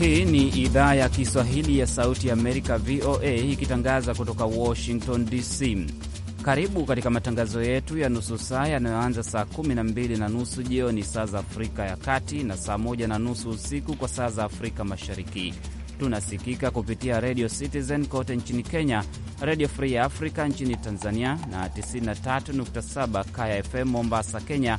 Hii ni idhaa ya Kiswahili ya Sauti ya Amerika, VOA, ikitangaza kutoka Washington DC. Karibu katika matangazo yetu ya nusu saa yanayoanza saa 12 na nusu jioni saa za Afrika ya Kati na saa 1 na nusu usiku kwa saa za Afrika Mashariki. Tunasikika kupitia Radio Citizen kote nchini Kenya, Radio Free Africa nchini Tanzania na 93.7 Kaya FM Mombasa, Kenya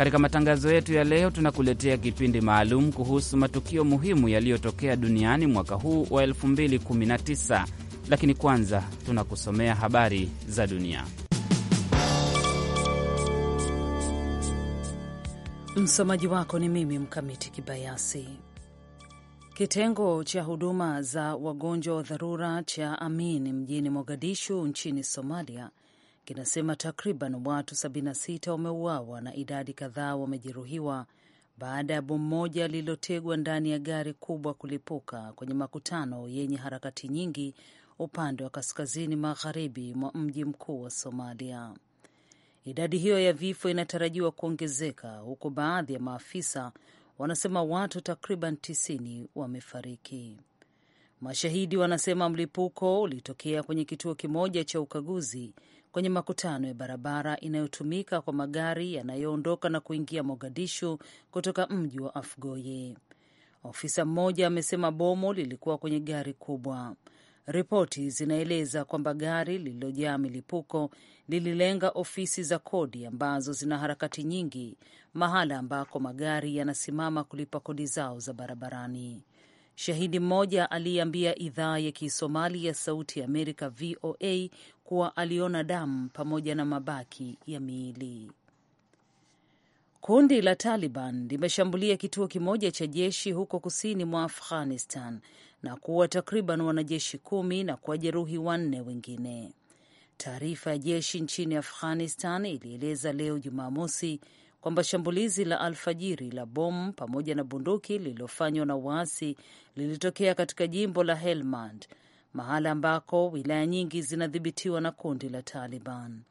Katika matangazo yetu ya leo, tunakuletea kipindi maalum kuhusu matukio muhimu yaliyotokea duniani mwaka huu wa 2019 lakini kwanza tunakusomea habari za dunia. Msomaji wako ni mimi Mkamiti Kibayasi. Kitengo cha huduma za wagonjwa wa dharura cha Amin mjini Mogadishu nchini Somalia kinasema takriban watu 76 wameuawa na idadi kadhaa wamejeruhiwa baada ya bomu moja lililotegwa ndani ya gari kubwa kulipuka kwenye makutano yenye harakati nyingi upande wa kaskazini magharibi mwa mji mkuu wa Somalia. Idadi hiyo ya vifo inatarajiwa kuongezeka huku baadhi ya maafisa wanasema watu takriban 90 wamefariki. Mashahidi wanasema mlipuko ulitokea kwenye kituo kimoja cha ukaguzi kwenye makutano ya barabara inayotumika kwa magari yanayoondoka na kuingia Mogadishu kutoka mji wa Afgoye. Ofisa mmoja amesema bomu lilikuwa kwenye gari kubwa. Ripoti zinaeleza kwamba gari lililojaa milipuko lililenga ofisi za kodi ambazo zina harakati nyingi, mahala ambako magari yanasimama kulipa kodi zao za barabarani. Shahidi mmoja aliyeambia idhaa ya Kisomali ya Sauti ya Amerika VOA kuwa aliona damu pamoja na mabaki ya miili. Kundi la Taliban limeshambulia kituo kimoja cha jeshi huko kusini mwa Afghanistan na kuwa takriban wanajeshi kumi na kuwajeruhi wanne wengine. Taarifa ya jeshi nchini Afghanistan ilieleza leo Jumamosi kwamba shambulizi la alfajiri la bomu pamoja na bunduki lililofanywa na waasi lilitokea katika jimbo la Helmand, mahala ambako wilaya nyingi zinadhibitiwa na kundi la Taliban.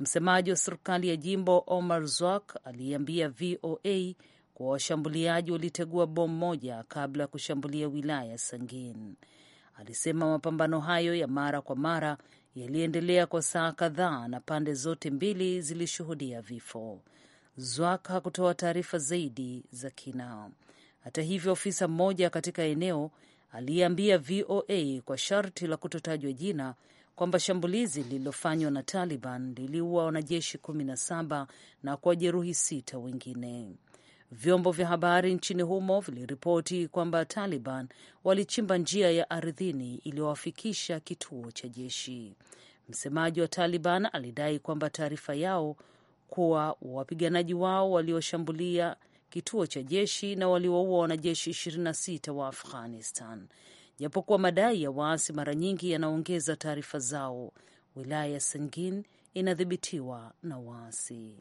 Msemaji wa serikali ya jimbo Omar Zwak aliambia VOA kuwa washambuliaji walitegua bomu moja kabla ya kushambulia wilaya Sangin. Alisema mapambano hayo ya mara kwa mara yaliendelea kwa saa kadhaa na pande zote mbili zilishuhudia vifo. Zwak hakutoa taarifa zaidi za kina Hata hivyo, ofisa mmoja katika eneo aliyeambia VOA kwa sharti la kutotajwa jina kwamba shambulizi lililofanywa na Taliban liliua wanajeshi 17 na kwa na kuwajeruhi sita wengine. Vyombo vya habari nchini humo viliripoti kwamba Taliban walichimba njia ya ardhini iliyowafikisha kituo cha jeshi. Msemaji wa Taliban alidai kwamba taarifa yao kuwa wapiganaji wao walioshambulia kituo cha jeshi na waliwaua wanajeshi 26 wa Afghanistan. Japokuwa madai ya waasi mara nyingi yanaongeza taarifa zao, wilaya ya sengin inadhibitiwa na waasi.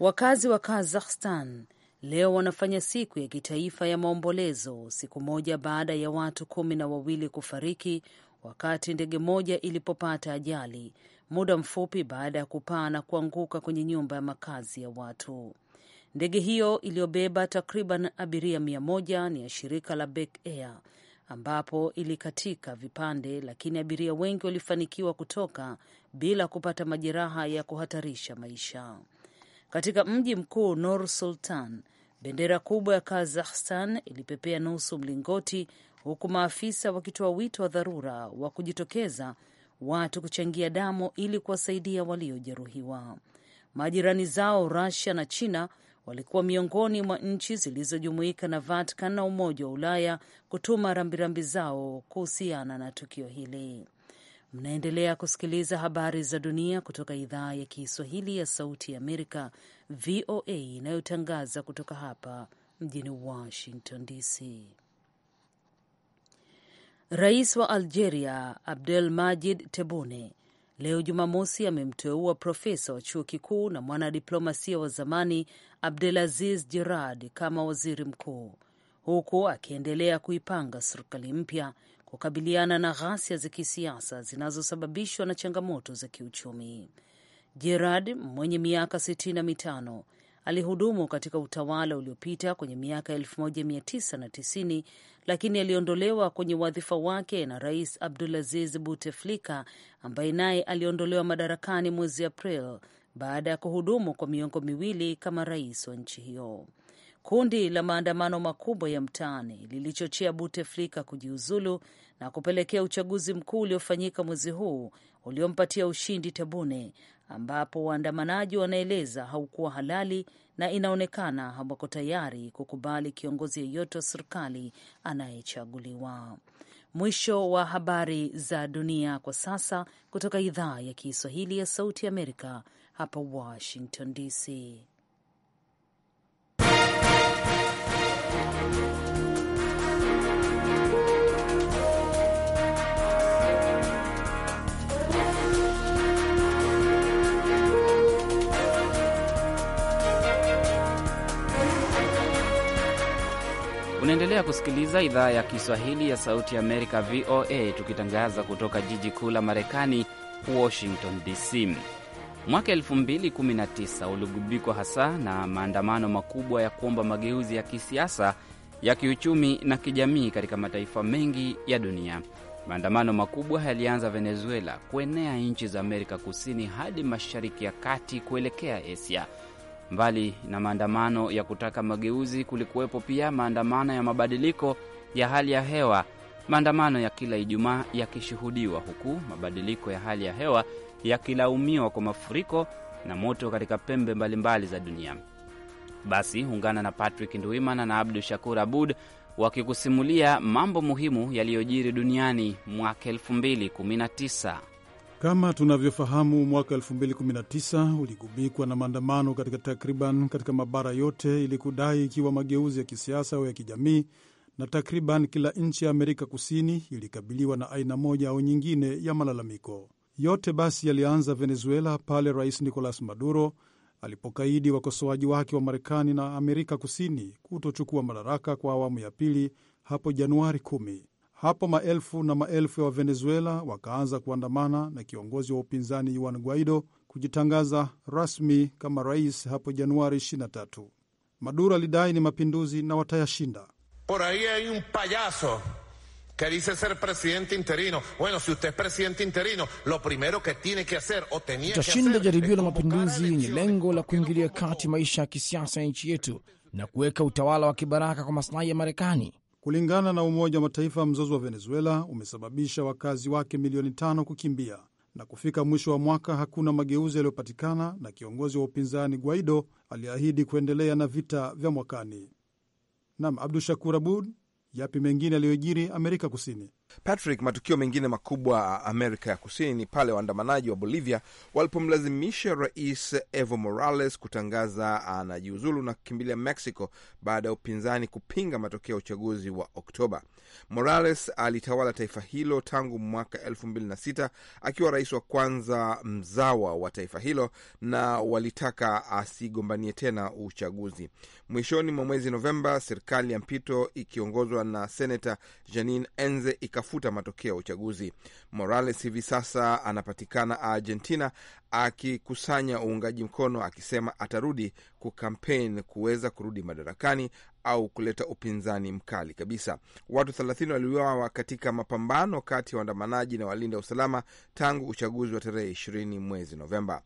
Wakazi wa Kazakhstan leo wanafanya siku ya kitaifa ya maombolezo, siku moja baada ya watu kumi na wawili kufariki wakati ndege moja ilipopata ajali muda mfupi baada ya kupaa na kuanguka kwenye nyumba ya makazi ya watu. Ndege hiyo iliyobeba takriban abiria mia moja ni ya shirika la Bek Air ambapo ilikatika vipande, lakini abiria wengi walifanikiwa kutoka bila kupata majeraha ya kuhatarisha maisha. Katika mji mkuu Nur Sultan, bendera kubwa ya Kazakhstan ilipepea nusu mlingoti, huku maafisa wakitoa wito wa dharura wa kujitokeza watu kuchangia damu ili kuwasaidia waliojeruhiwa. Majirani zao Rusia na China walikuwa miongoni mwa nchi zilizojumuika na Vatican na Umoja wa Ulaya kutuma rambirambi zao kuhusiana na tukio hili. Mnaendelea kusikiliza habari za dunia kutoka idhaa ya Kiswahili ya Sauti ya Amerika, VOA, inayotangaza kutoka hapa mjini Washington DC. Rais wa Algeria majid tebune leo Jumamosi amemteua profesa wa chuo kikuu na mwanadiplomasia wa zamani Abdelaziz Jirad kama waziri mkuu huku akiendelea kuipanga serikali mpya kukabiliana na ghasia za kisiasa zinazosababishwa na changamoto za kiuchumi. Jirad mwenye miaka sitini na mitano alihudumu katika utawala uliopita kwenye miaka 1990 lakini aliondolewa kwenye wadhifa wake na Rais Abdulaziz Buteflika ambaye naye aliondolewa madarakani mwezi April baada ya kuhudumu kwa miongo miwili kama rais wa nchi hiyo. Kundi la maandamano makubwa ya mtaani lilichochea Buteflika kujiuzulu na kupelekea uchaguzi mkuu uliofanyika mwezi huu uliompatia ushindi Tebune ambapo waandamanaji wanaeleza haukuwa halali na inaonekana hawako tayari kukubali kiongozi yeyote wa serikali anayechaguliwa. Mwisho wa habari za dunia kwa sasa kutoka idhaa ya Kiswahili ya Sauti ya Amerika hapa Washington DC. Unaendelea kusikiliza idhaa ya Kiswahili ya Sauti ya Amerika, VOA, tukitangaza kutoka jiji kuu la Marekani, Washington DC. Mwaka 2019 uligubikwa hasa na maandamano makubwa ya kuomba mageuzi ya kisiasa, ya kiuchumi na kijamii katika mataifa mengi ya dunia. Maandamano makubwa yalianza Venezuela, kuenea nchi za Amerika Kusini hadi Mashariki ya Kati, kuelekea Asia. Mbali na maandamano ya kutaka mageuzi, kulikuwepo pia maandamano ya mabadiliko ya hali ya hewa, maandamano ya kila Ijumaa yakishuhudiwa, huku mabadiliko ya hali ya hewa yakilaumiwa kwa mafuriko na moto katika pembe mbalimbali mbali za dunia. Basi ungana na Patrick Ndwimana na Abdu Shakur Abud wakikusimulia mambo muhimu yaliyojiri duniani mwaka 2019. Kama tunavyofahamu, mwaka 2019 uligubikwa na maandamano katika takriban katika mabara yote ili kudai ikiwa mageuzi ya kisiasa au ya kijamii, na takriban kila nchi ya Amerika Kusini ilikabiliwa na aina moja au nyingine ya malalamiko. Yote basi yalianza Venezuela pale Rais Nicolas Maduro alipokaidi wakosoaji wake wa Marekani na Amerika Kusini kutochukua madaraka kwa awamu ya pili hapo Januari 10. Hapo maelfu na maelfu ya Wavenezuela wakaanza kuandamana na kiongozi wa upinzani Juan Guaido kujitangaza rasmi kama rais hapo Januari 23. Maduro alidai ni mapinduzi na watayashinda. Por hay un payaso que dice ser presidente interino. Bueno, si usted es presidente interino, lo primero que tiene que hacer o tenía que hacer. jaribio la mapinduzi yenye lengo la kuingilia kati maisha ya kisiasa ya nchi yetu na kuweka utawala wa kibaraka kwa maslahi ya Marekani Kulingana na Umoja wa Mataifa, mzozo wa Venezuela umesababisha wakazi wake milioni tano kukimbia na kufika mwisho wa mwaka hakuna mageuzi yaliyopatikana, na kiongozi wa upinzani Guaido aliahidi kuendelea na vita vya mwakani. Nam Abdu Shakur Abud, yapi mengine yaliyojiri Amerika Kusini? Patrick, matukio mengine makubwa Amerika ya Kusini ni pale waandamanaji wa Bolivia walipomlazimisha Rais Evo Morales kutangaza anajiuzulu na kukimbilia Mexico baada ya upinzani kupinga matokeo ya uchaguzi wa Oktoba. Morales alitawala taifa hilo tangu mwaka elfu mbili na sita akiwa rais wa kwanza mzawa wa taifa hilo, na walitaka asigombanie tena uchaguzi. Mwishoni mwa mwezi Novemba, serikali ya mpito ikiongozwa na senata Janine Enze ika kutafuta matokeo ya uchaguzi. Morales hivi sasa anapatikana Argentina akikusanya uungaji mkono, akisema atarudi kukampeni kuweza kurudi madarakani au kuleta upinzani mkali kabisa. Watu thelathini waliuawa katika mapambano kati ya waandamanaji na walinda usalama tangu uchaguzi wa tarehe ishirini mwezi Novemba.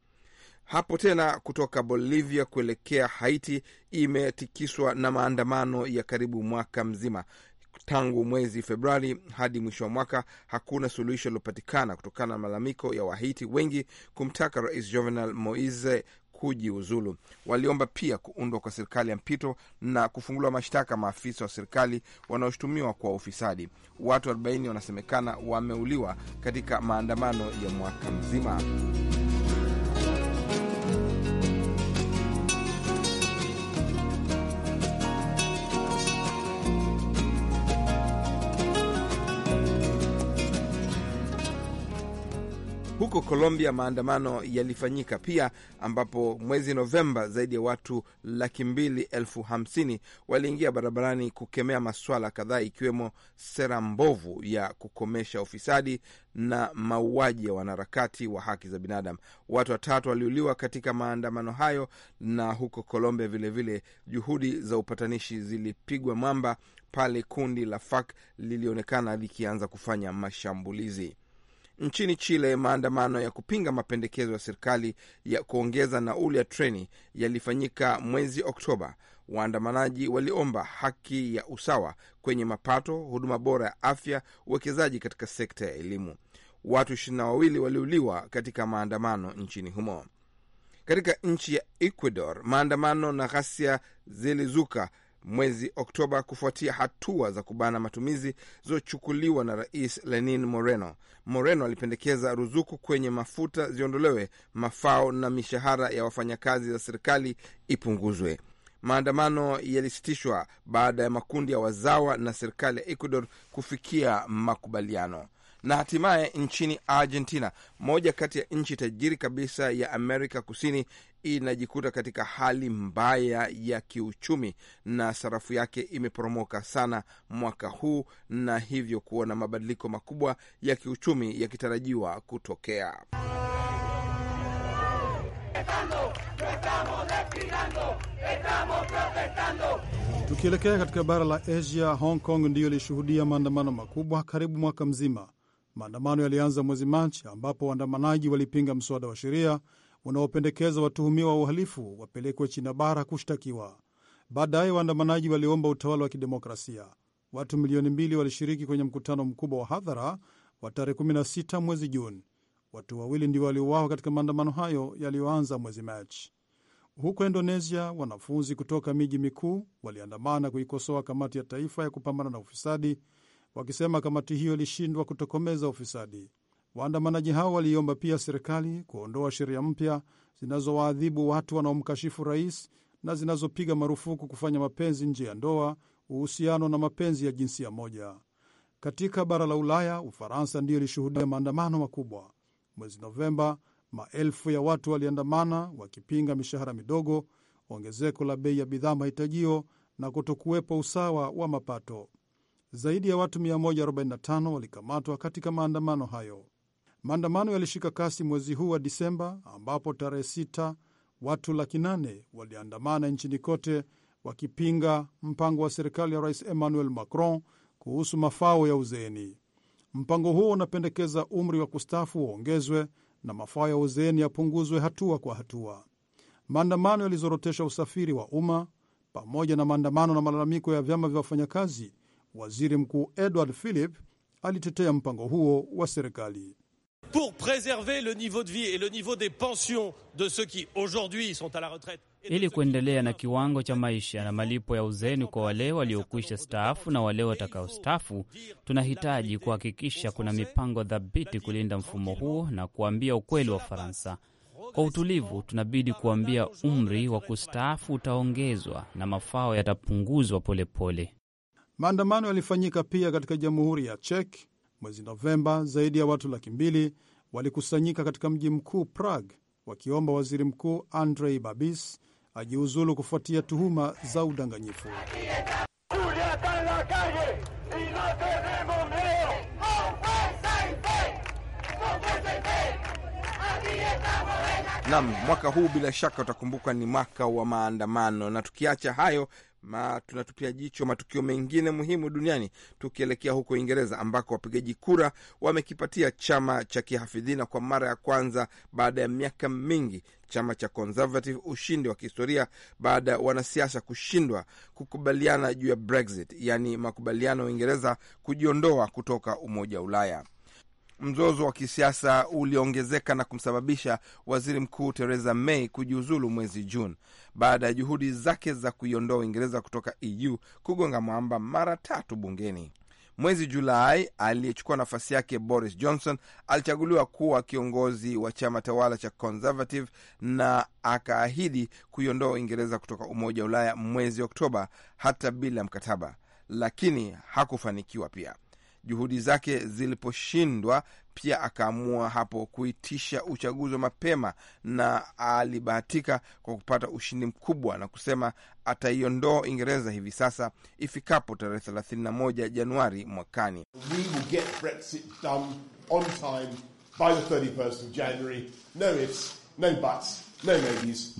Hapo tena kutoka Bolivia kuelekea Haiti imetikiswa na maandamano ya karibu mwaka mzima tangu mwezi Februari hadi mwisho wa mwaka hakuna suluhisho lilopatikana kutokana na malalamiko ya Wahiti wengi kumtaka Rais Jovenel Moise kujiuzulu. Waliomba pia kuundwa kwa serikali ya mpito na kufunguliwa mashtaka maafisa wa serikali wanaoshutumiwa kwa ufisadi. Watu 40 wanasemekana wameuliwa katika maandamano ya mwaka mzima. Huko Colombia maandamano yalifanyika pia, ambapo mwezi Novemba zaidi ya watu laki mbili elfu hamsini waliingia barabarani kukemea maswala kadhaa, ikiwemo sera mbovu ya kukomesha ufisadi na mauaji ya wanaharakati wa haki za binadamu. Watu watatu waliuliwa katika maandamano hayo. Na huko Colombia vilevile juhudi za upatanishi zilipigwa mwamba pale kundi la FARC lilionekana likianza kufanya mashambulizi. Nchini Chile, maandamano ya kupinga mapendekezo ya serikali ya kuongeza nauli ya treni yalifanyika mwezi Oktoba. Waandamanaji waliomba haki ya usawa kwenye mapato, huduma bora ya afya, uwekezaji katika sekta ya elimu. Watu ishirini na wawili waliuliwa katika maandamano nchini humo. Katika nchi ya Ecuador, maandamano na ghasia zilizuka mwezi Oktoba kufuatia hatua za kubana matumizi zilizochukuliwa na Rais Lenin Moreno. Moreno alipendekeza ruzuku kwenye mafuta ziondolewe, mafao na mishahara ya wafanyakazi za serikali ipunguzwe. Maandamano yalisitishwa baada ya makundi ya wazawa na serikali ya Ecuador kufikia makubaliano na hatimaye nchini Argentina, moja kati ya nchi tajiri kabisa ya Amerika Kusini, inajikuta katika hali mbaya ya kiuchumi na sarafu yake imeporomoka sana mwaka huu, na hivyo kuona mabadiliko makubwa ya kiuchumi yakitarajiwa kutokea. Tukielekea katika bara la Asia, Hong Kong ndiyo ilishuhudia maandamano makubwa karibu mwaka mzima Maandamano yalianza mwezi Machi, ambapo waandamanaji walipinga mswada wa sheria unaopendekeza watuhumiwa wa uhalifu wapelekwe China bara kushtakiwa. Baadaye waandamanaji waliomba utawala wa kidemokrasia. Watu milioni mbili walishiriki kwenye mkutano mkubwa wa hadhara wa tarehe 16 mwezi Juni. Watu wawili ndio waliouawa katika maandamano hayo yaliyoanza mwezi Machi. Huko Indonesia, wanafunzi kutoka miji mikuu waliandamana kuikosoa kamati ya taifa ya kupambana na ufisadi wakisema kamati hiyo ilishindwa kutokomeza ufisadi. Waandamanaji hao waliiomba pia serikali kuondoa sheria mpya zinazowaadhibu watu wanaomkashifu rais na zinazopiga marufuku kufanya mapenzi nje ya ndoa, uhusiano na mapenzi ya jinsia moja. Katika bara la Ulaya, Ufaransa ndiyo ilishuhudia maandamano makubwa mwezi Novemba. Maelfu ya watu waliandamana wakipinga mishahara midogo, ongezeko la bei ya bidhaa mahitajio na kutokuwepo usawa wa mapato. Zaidi ya watu 145 walikamatwa katika maandamano hayo. Maandamano yalishika kasi mwezi huu wa Disemba, ambapo tarehe 6 watu laki nane waliandamana nchini kote wakipinga mpango wa serikali ya Rais Emmanuel Macron kuhusu mafao ya uzeeni. Mpango huo unapendekeza umri wa kustaafu uongezwe na mafao ya uzeeni yapunguzwe hatua kwa hatua. Maandamano yalizorotesha usafiri wa umma pamoja na maandamano na malalamiko ya vyama vya wafanyakazi Waziri Mkuu Edward Philip alitetea mpango huo wa serikali pour preserver le niveau de vie et le niveau des pensions de ceux qui aujourd'hui sont à la retraite, ili kuendelea na kiwango cha maisha na malipo ya uzeni kwa wale waliokwisha staafu na wale watakaostaafu, tunahitaji kuhakikisha kuna mipango thabiti kulinda mfumo huo na kuambia ukweli wa Faransa kwa utulivu. Tunabidi kuambia umri wa kustaafu utaongezwa na mafao yatapunguzwa polepole. Maandamano yalifanyika pia katika Jamhuri ya Czech mwezi Novemba. Zaidi ya watu laki mbili walikusanyika katika mji mkuu Prague wakiomba waziri mkuu Andrei Babis ajiuzulu kufuatia tuhuma za udanganyifu. Nam, mwaka huu bila shaka utakumbuka ni mwaka wa maandamano. Na tukiacha hayo, Ma, tunatupia jicho matukio mengine muhimu duniani tukielekea huko Uingereza ambako wapigaji kura wamekipatia chama cha kihafidhina kwa mara ya kwanza baada ya miaka mingi chama cha Conservative ushindi wa kihistoria baada ya wanasiasa kushindwa kukubaliana juu ya Brexit, yaani makubaliano ya Uingereza kujiondoa kutoka Umoja wa Ulaya. Mzozo wa kisiasa uliongezeka na kumsababisha waziri mkuu Theresa May kujiuzulu mwezi Juni baada ya juhudi zake za kuiondoa Uingereza kutoka EU kugonga mwamba mara tatu bungeni. Mwezi Julai, aliyechukua nafasi yake Boris Johnson alichaguliwa kuwa kiongozi wa chama tawala cha Conservative na akaahidi kuiondoa Uingereza kutoka Umoja wa Ulaya mwezi Oktoba, hata bila mkataba, lakini hakufanikiwa pia juhudi zake ziliposhindwa, pia akaamua hapo kuitisha uchaguzi wa mapema, na alibahatika kwa kupata ushindi mkubwa na kusema ataiondoa Uingereza hivi sasa ifikapo tarehe 31 Januari mwakani. No ifs, no buts.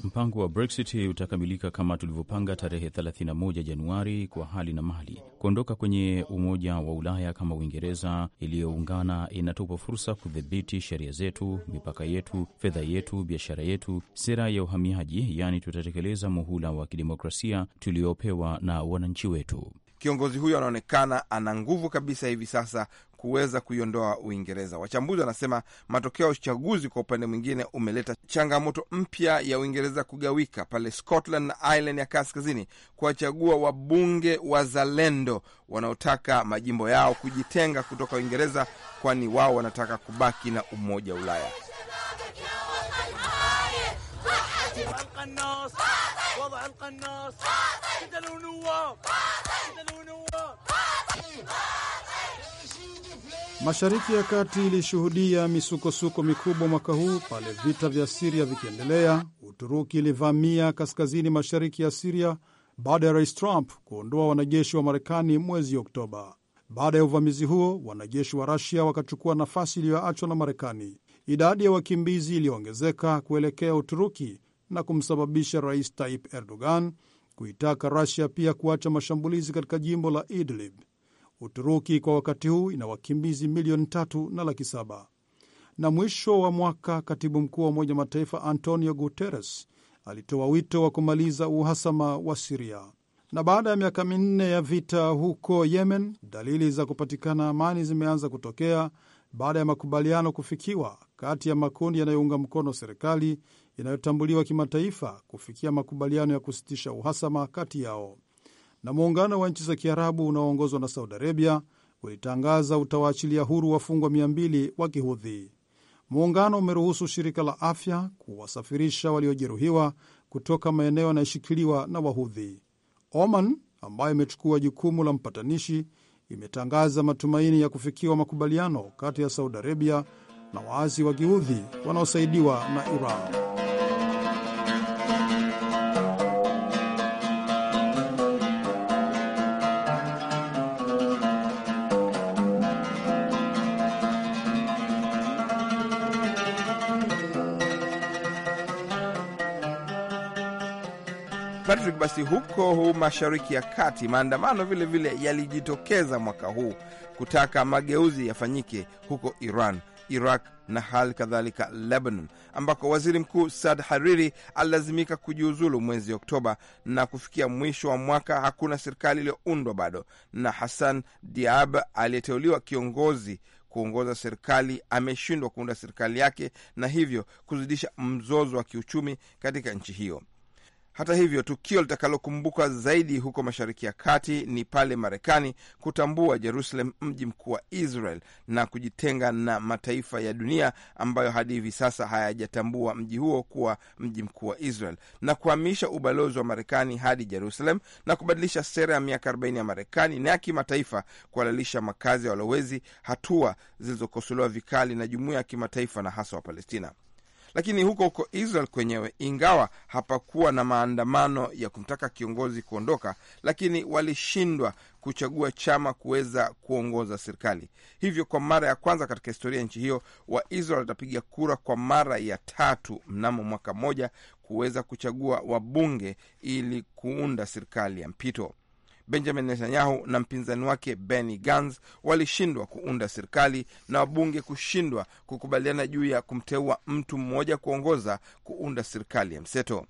Mpango wa Brexit utakamilika kama tulivyopanga tarehe 31 Januari kwa hali na mali. Kuondoka kwenye Umoja wa Ulaya kama Uingereza iliyoungana inatupa fursa kudhibiti sheria zetu, mipaka yetu, fedha yetu, biashara yetu, sera ya uhamiaji, yaani tutatekeleza muhula wa kidemokrasia tuliopewa na wananchi wetu. Kiongozi huyo anaonekana ana nguvu kabisa hivi sasa kuweza kuiondoa Uingereza. Wachambuzi wanasema matokeo ya uchaguzi kwa upande mwingine umeleta changamoto mpya ya Uingereza kugawika pale Scotland na Ireland ya kaskazini kuwachagua wabunge wazalendo wanaotaka majimbo yao kujitenga kutoka Uingereza, kwani wao wanataka kubaki na umoja wa Ulaya. Mashariki ya Kati ilishuhudia misukosuko mikubwa mwaka huu pale vita vya Siria vikiendelea. Uturuki ilivamia kaskazini mashariki ya Siria baada ya Rais Trump kuondoa wanajeshi wa Marekani mwezi Oktoba. Baada ya uvamizi huo, wanajeshi wa Rasia wakachukua nafasi iliyoachwa na Marekani. Idadi ya wakimbizi iliyoongezeka kuelekea Uturuki na kumsababisha Rais Tayyip Erdogan kuitaka Rasia pia kuacha mashambulizi katika jimbo la Idlib. Uturuki kwa wakati huu ina wakimbizi milioni tatu na laki saba. Na mwisho wa mwaka, katibu mkuu wa Umoja Mataifa Antonio Guterres alitoa wito wa kumaliza uhasama wa Siria. Na baada ya miaka minne ya vita huko Yemen, dalili za kupatikana amani zimeanza kutokea baada ya makubaliano kufikiwa kati ya makundi yanayounga mkono serikali inayotambuliwa kimataifa kufikia makubaliano ya kusitisha uhasama kati yao na muungano wa nchi za Kiarabu unaoongozwa na Saudi Arabia ulitangaza utawaachilia huru wafungwa 200 wa Kihudhi. Muungano umeruhusu shirika la afya kuwasafirisha waliojeruhiwa kutoka maeneo yanayoshikiliwa na Wahudhi. Oman ambayo imechukua jukumu la mpatanishi imetangaza matumaini ya kufikiwa makubaliano kati ya Saudi Arabia na waasi wa kihudhi wanaosaidiwa na Iran. Patrick, basi huko huu Mashariki ya Kati maandamano vilevile yalijitokeza mwaka huu kutaka mageuzi yafanyike huko Iran, Iraq na hali kadhalika Lebanon, ambako waziri mkuu Saad Hariri alilazimika kujiuzulu mwezi Oktoba, na kufikia mwisho wa mwaka hakuna serikali iliyoundwa bado, na Hassan Diab aliyeteuliwa kiongozi kuongoza serikali ameshindwa kuunda serikali yake, na hivyo kuzidisha mzozo wa kiuchumi katika nchi hiyo. Hata hivyo, tukio litakalokumbuka zaidi huko Mashariki ya Kati ni pale Marekani kutambua Jerusalem mji mkuu wa Israel na kujitenga na mataifa ya dunia ambayo hadi hivi sasa hayajatambua mji huo kuwa mji mkuu wa Israel na kuhamisha ubalozi wa Marekani hadi Jerusalem na kubadilisha sera ya miaka 40 ya Marekani na ya kimataifa kuhalalisha makazi ya walowezi, hatua zilizokosolewa vikali na jumuiya ya kimataifa na hasa Wapalestina. Lakini huko huko Israel kwenyewe, ingawa hapakuwa na maandamano ya kumtaka kiongozi kuondoka, lakini walishindwa kuchagua chama kuweza kuongoza serikali. Hivyo kwa mara ya kwanza katika historia ya nchi hiyo, Waisrael watapiga kura kwa mara ya tatu mnamo mwaka mmoja kuweza kuchagua wabunge ili kuunda serikali ya mpito. Benjamin Netanyahu na mpinzani wake Benny Gantz walishindwa kuunda serikali na wabunge kushindwa kukubaliana juu ya kumteua mtu mmoja kuongoza kuunda serikali ya mseto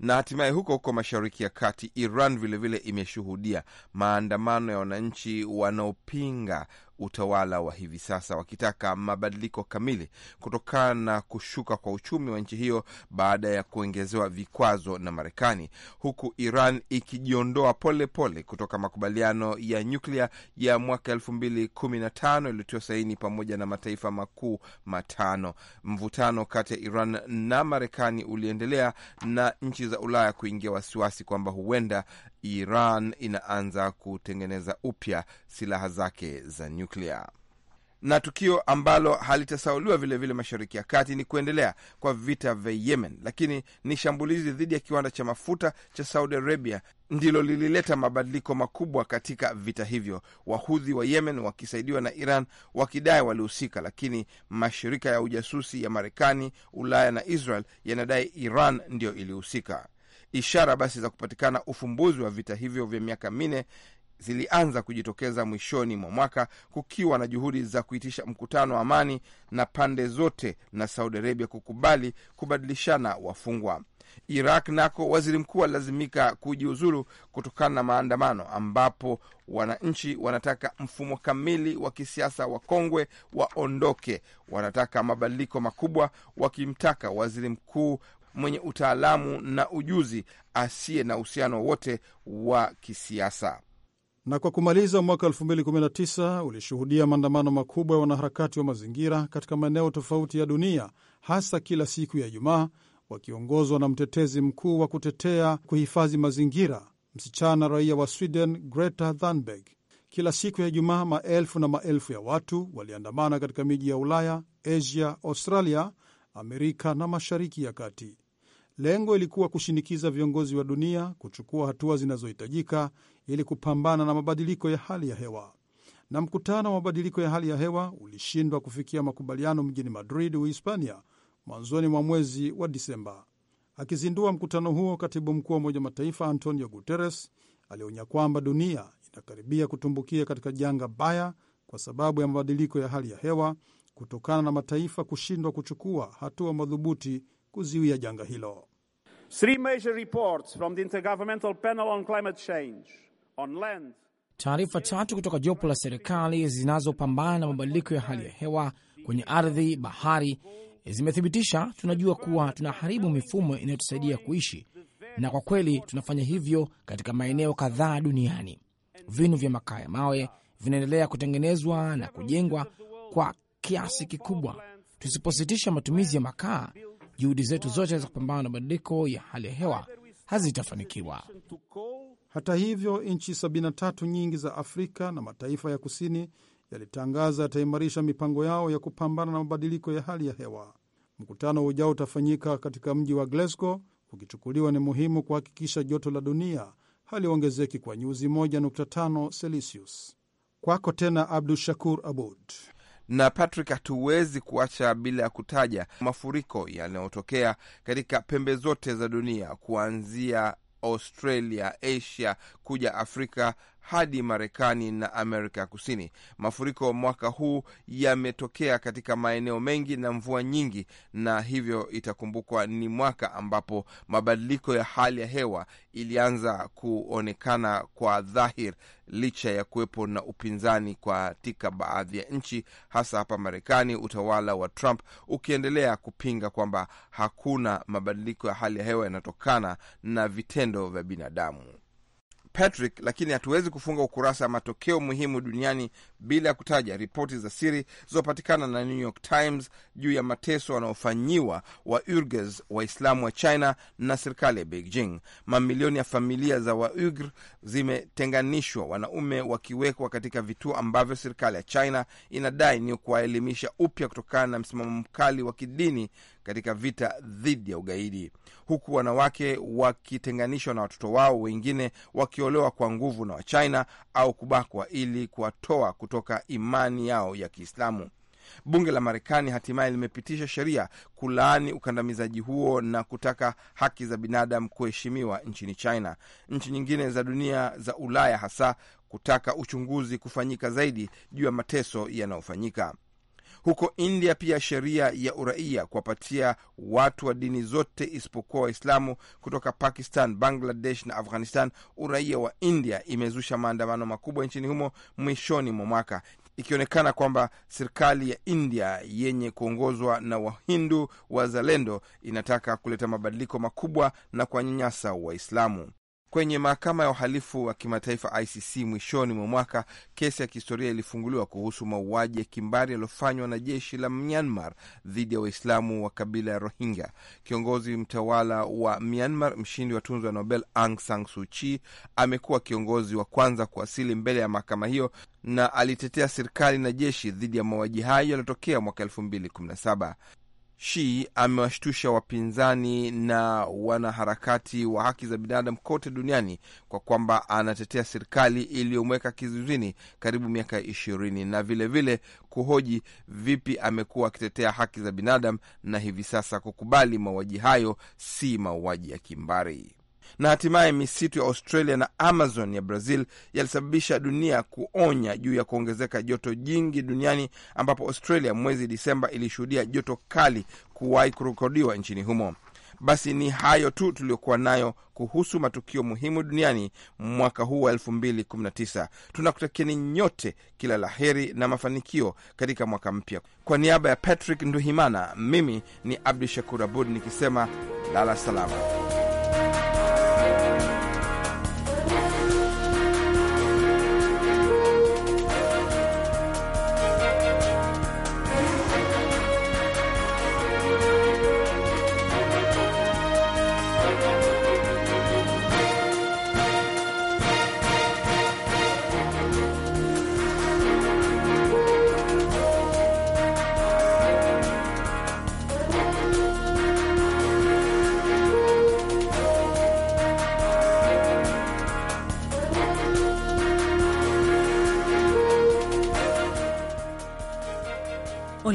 na hatimaye huko huko Mashariki ya Kati, Iran vilevile imeshuhudia maandamano ya wananchi wanaopinga utawala wa hivi sasa, wakitaka mabadiliko kamili kutokana na kushuka kwa uchumi wa nchi hiyo baada ya kuongezewa vikwazo na Marekani, huku Iran ikijiondoa polepole kutoka makubaliano ya nyuklia ya mwaka elfu mbili kumi na tano iliyotiwa saini pamoja na mataifa makuu matano. Mvutano kati ya Iran na Marekani uliendelea na nchi za Ulaya kuingia wasiwasi kwamba huenda Iran inaanza kutengeneza upya silaha zake za nyuklia nyuklia. Na tukio ambalo halitasauliwa vilevile mashariki ya kati ni kuendelea kwa vita vya Yemen, lakini ni shambulizi dhidi ya kiwanda cha mafuta cha Saudi Arabia ndilo lilileta mabadiliko makubwa katika vita hivyo, wahudhi wa Yemen wakisaidiwa na Iran wakidai walihusika, lakini mashirika ya ujasusi ya Marekani, Ulaya na Israel yanadai Iran ndiyo ilihusika. Ishara basi za kupatikana ufumbuzi wa vita hivyo vya miaka minne zilianza kujitokeza mwishoni mwa mwaka kukiwa na juhudi za kuitisha mkutano wa amani na pande zote na Saudi Arabia kukubali kubadilishana wafungwa. Iraq nako waziri mkuu alilazimika kujiuzulu kutokana na maandamano, ambapo wananchi wanataka mfumo kamili wa kisiasa wa kongwe waondoke, wanataka mabadiliko makubwa, wakimtaka waziri mkuu mwenye utaalamu na ujuzi asiye na uhusiano wote wa kisiasa. Na kwa kumaliza, mwaka 2019 ulishuhudia maandamano makubwa ya wanaharakati wa mazingira katika maeneo tofauti ya dunia, hasa kila siku ya Ijumaa, wakiongozwa na mtetezi mkuu wa kutetea kuhifadhi mazingira, msichana raia wa Sweden Greta Thunberg. Kila siku ya Ijumaa, maelfu na maelfu ya watu waliandamana katika miji ya Ulaya, Asia, Australia, Amerika na Mashariki ya Kati. Lengo ilikuwa kushinikiza viongozi wa dunia kuchukua hatua zinazohitajika ili kupambana na mabadiliko ya hali ya hewa. Na mkutano wa mabadiliko ya hali ya hewa ulishindwa kufikia makubaliano mjini Madrid, Uhispania, mwanzoni mwa mwezi wa Disemba. Akizindua mkutano huo, katibu mkuu wa Umoja wa Mataifa Antonio Guterres alionya kwamba dunia inakaribia kutumbukia katika janga baya kwa sababu ya mabadiliko ya hali ya hewa kutokana na mataifa kushindwa kuchukua hatua madhubuti kuziwia janga hilo. Three major reports from the Intergovernmental Panel on Climate Change Taarifa tatu kutoka jopo la serikali zinazopambana na mabadiliko ya hali ya hewa kwenye ardhi, bahari zimethibitisha, tunajua kuwa tunaharibu mifumo inayotusaidia kuishi, na kwa kweli tunafanya hivyo katika maeneo kadhaa duniani. Vinu vya makaa ya mawe vinaendelea kutengenezwa na kujengwa kwa kiasi kikubwa. Tusipositisha matumizi ya makaa, juhudi zetu zote za kupambana na mabadiliko ya hali ya hewa hazitafanikiwa. Hata hivyo, nchi 73 nyingi za Afrika na mataifa ya kusini yalitangaza yataimarisha mipango yao ya kupambana na mabadiliko ya hali ya hewa. Mkutano ujao utafanyika katika mji wa Glasgow, ukichukuliwa ni muhimu kuhakikisha joto la dunia haliongezeki kwa nyuzi 1.5 Celsius. Kwako tena Abdu Shakur Abud na Patrick, hatuwezi kuacha bila ya kutaja mafuriko yanayotokea katika pembe zote za dunia kuanzia Australia, Asia kuja Afrika hadi Marekani na Amerika ya Kusini. Mafuriko mwaka huu yametokea katika maeneo mengi na mvua nyingi, na hivyo itakumbukwa ni mwaka ambapo mabadiliko ya hali ya hewa ilianza kuonekana kwa dhahir, licha ya kuwepo na upinzani katika baadhi ya nchi, hasa hapa Marekani, utawala wa Trump ukiendelea kupinga kwamba hakuna mabadiliko ya hali ya hewa yanatokana na vitendo vya binadamu. Patrick, lakini hatuwezi kufunga ukurasa wa matokeo muhimu duniani bila ya kutaja ripoti za siri zilizopatikana na New York Times juu ya mateso wanaofanyiwa wa Waislamu wa China na serikali ya Beijing. Mamilioni ya familia za waugr zimetenganishwa, wanaume wakiwekwa katika vituo ambavyo serikali ya China inadai ni kuwaelimisha upya kutokana na msimamo mkali wa kidini katika vita dhidi ya ugaidi, huku wanawake wakitenganishwa na watoto wao, wengine wakiolewa kwa nguvu na Wachina au kubakwa ili kuwatoa kutoka imani yao ya Kiislamu. Bunge la Marekani hatimaye limepitisha sheria kulaani ukandamizaji huo na kutaka haki za binadamu kuheshimiwa nchini China. Nchi nyingine za dunia za Ulaya hasa kutaka uchunguzi kufanyika zaidi juu ya mateso yanayofanyika. Huko India pia sheria ya uraia kuwapatia watu wa dini zote isipokuwa Waislamu kutoka Pakistan, Bangladesh na Afghanistan uraia wa India imezusha maandamano makubwa nchini humo mwishoni mwa mwaka ikionekana kwamba serikali ya India yenye kuongozwa na Wahindu wazalendo inataka kuleta mabadiliko makubwa na kuwanyanyasa Waislamu kwenye mahakama ya uhalifu wa kimataifa ICC mwishoni mwa mwaka, kesi ya kihistoria ilifunguliwa kuhusu mauaji ya kimbari yaliyofanywa na jeshi la Myanmar dhidi ya Waislamu wa kabila ya Rohingya. Kiongozi mtawala wa Myanmar, mshindi wa tunzo ya Nobel Aung San Suu Kyi, amekuwa kiongozi wa kwanza kuwasili mbele ya mahakama hiyo na alitetea serikali na jeshi dhidi ya mauaji hayo yaliyotokea mwaka saba Shi amewashtusha wapinzani na wanaharakati wa haki za binadamu kote duniani kwa kwamba anatetea serikali iliyomweka kizuizini karibu miaka ishirini na vilevile vile kuhoji vipi amekuwa akitetea haki za binadamu na hivi sasa kukubali mauaji hayo si mauaji ya kimbari na hatimaye misitu ya Australia na Amazon ya Brazil yalisababisha dunia kuonya juu ya kuongezeka joto jingi duniani, ambapo Australia mwezi Disemba ilishuhudia joto kali kuwahi kurekodiwa nchini humo. Basi ni hayo tu tuliyokuwa nayo kuhusu matukio muhimu duniani mwaka huu wa 2019. Tunakutakieni nyote kila la heri na mafanikio katika mwaka mpya. Kwa niaba ya Patrick Nduhimana, mimi ni Abdu Shakur Abud nikisema lala salama.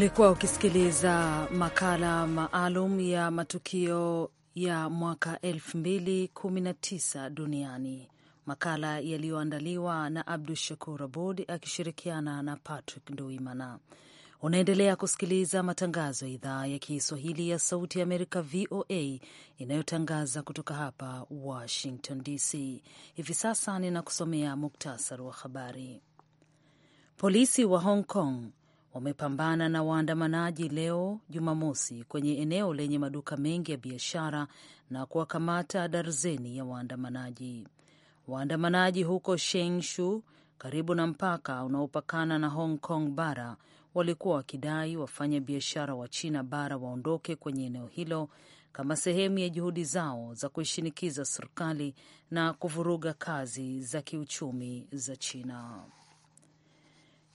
Ulikuwa ukisikiliza makala maalum ya matukio ya mwaka 2019 duniani, makala yaliyoandaliwa na Abdu Shakur Abud akishirikiana na Patrick Nduimana. Unaendelea kusikiliza matangazo ya idhaa ya Kiswahili ya Sauti ya Amerika, VOA, inayotangaza kutoka hapa Washington DC. Hivi sasa ninakusomea muktasari wa habari. Polisi wa Hong Kong wamepambana na waandamanaji leo Jumamosi kwenye eneo lenye maduka mengi ya biashara na kuwakamata darzeni ya waandamanaji. Waandamanaji huko Shengshu karibu na mpaka unaopakana na Hong Kong bara walikuwa wakidai wafanya biashara wa China bara waondoke kwenye eneo hilo kama sehemu ya juhudi zao za kuishinikiza serikali na kuvuruga kazi za kiuchumi za China.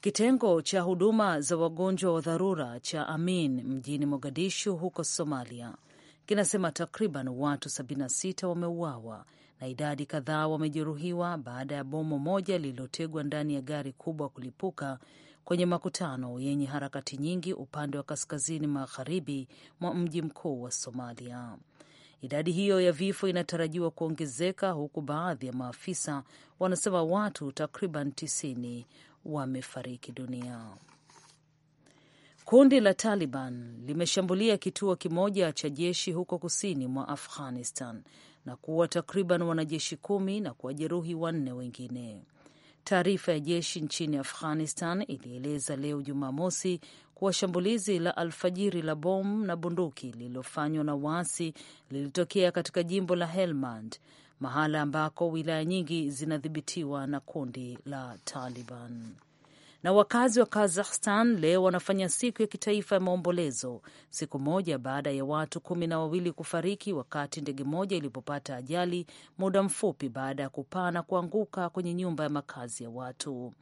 Kitengo cha huduma za wagonjwa wa dharura cha Amin mjini Mogadishu huko Somalia kinasema takriban watu 76 wameuawa na idadi kadhaa wamejeruhiwa baada ya bomu moja lililotegwa ndani ya gari kubwa kulipuka kwenye makutano yenye harakati nyingi upande wa kaskazini magharibi mwa mji mkuu wa Somalia. Idadi hiyo ya vifo inatarajiwa kuongezeka huku baadhi ya maafisa wanasema watu takriban tisini wamefariki dunia. Kundi la Taliban limeshambulia kituo kimoja cha jeshi huko kusini mwa Afghanistan na kuua takriban wanajeshi kumi na kuwajeruhi wanne wengine. Taarifa ya jeshi nchini Afghanistan ilieleza leo Jumamosi kuwa shambulizi la alfajiri la bomu na bunduki lililofanywa na waasi lilitokea katika jimbo la Helmand mahala ambako wilaya nyingi zinadhibitiwa na kundi la Taliban. Na wakazi wa Kazakhstan leo wanafanya siku ya kitaifa ya maombolezo, siku moja baada ya watu kumi na wawili kufariki wakati ndege moja ilipopata ajali muda mfupi baada ya kupaa na kuanguka kwenye nyumba ya makazi ya watu.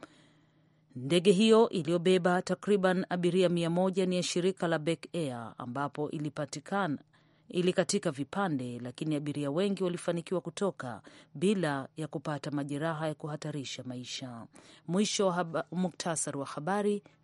Ndege hiyo iliyobeba takriban abiria mia moja ni ya shirika la Bek Air ambapo ilipatikana ilikatika vipande, lakini abiria wengi walifanikiwa kutoka bila ya kupata majeraha ya kuhatarisha maisha. Mwisho wa muktasari wa habari.